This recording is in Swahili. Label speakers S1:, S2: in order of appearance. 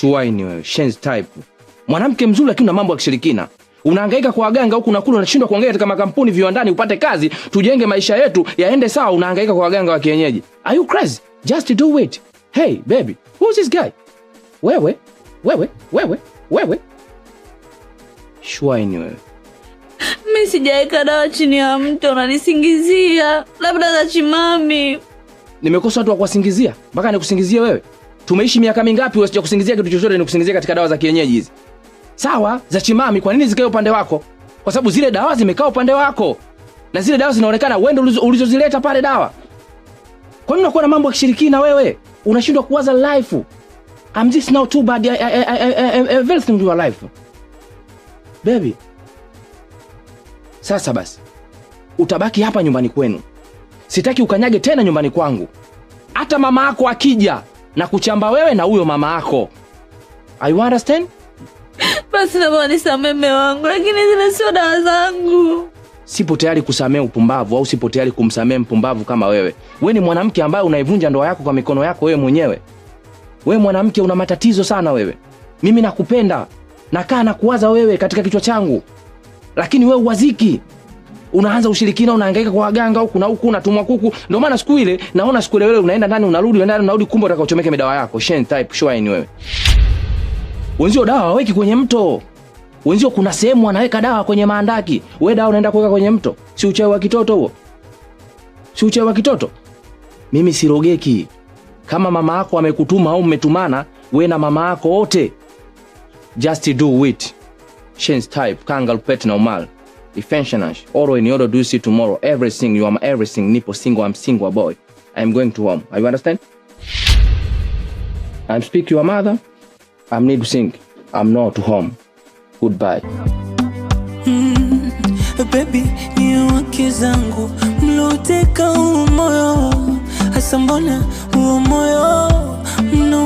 S1: Swine wewe, shenzi type. Mwanamke mzuri lakini na mambo ya kishirikina. Unahangaika kwa waganga huku na kule, unashindwa kuongea katika makampuni viwandani upate kazi, tujenge maisha yetu yaende sawa, unahangaika kwa waganga wa kienyeji. Are you crazy? Just do it. Hey baby, who is this guy? Wewe, wewe, wewe, wewe. Swine wewe.
S2: Mimi sijaweka dawa chini ya mto, unanisingizia. Labda za chimami.
S1: Nimekosa watu wa kuwasingizia mpaka nikusingizie wewe. Tumeishi miaka mingapi wasija kusingizia kitu chochote ni kusingizia katika dawa za kienyeji hizi. Sawa, za chimami kwa nini zikae upande wako? Kwa sababu zile dawa zimekaa upande wako. Na zile dawa zinaonekana wewe ndio ulizozileta pale dawa. Kwa nini unakuwa na mambo ya kishirikina wewe? Unashindwa kuwaza life. I'm just now too bad. I, I, I, I, I, I very to your life. Baby. Sasa basi. Utabaki hapa nyumbani kwenu. Sitaki ukanyage tena nyumbani kwangu. Hata mama yako akija na kuchamba wewe na huyo mama yako. I understand? Basi naomba nisamehe mume wangu, lakini zile sio dawa zangu. Sipo tayari kusamee upumbavu au sipo tayari kumsamee mpumbavu kama wewe. Wewe ni mwanamke ambaye unaivunja ndoa yako kwa mikono yako wewe mwenyewe. Wewe mwanamke una matatizo sana wewe. Mimi nakupenda. Nakaa na kuwaza wewe katika kichwa changu. Lakini wewe uwaziki unaanza ushirikina, unahangaika kwa waganga huku na huku, unatumwa kuku. Ndio maana siku ile naona siku ile wewe unaenda ndani unarudi, unaenda ndani unarudi, kumbe utakachomeka midawa yako shen type shwaini wewe. Wenzio dawa waweki kwenye mto, wenzio kuna sehemu wanaweka dawa kwenye maandaki, wewe dawa unaenda kuweka kwenye mto. Si uchawi wa kitoto huo? Si uchawi wa kitoto? Mimi sirogeki. Kama mama yako amekutuma au mmetumana, we na mama yako wote, just do it. Shen type kangal pet umali Defensionage. Oro in order do see tomorrow. Everything you are my everything. Nipo single I'm single boy. I'm going to home. Are you understand? I'm speak your mother. I'm need to sing. I'm not home. Goodbye. Mm, baby, ni wake zangu mloteka moyo hasa mbona huo moyo mno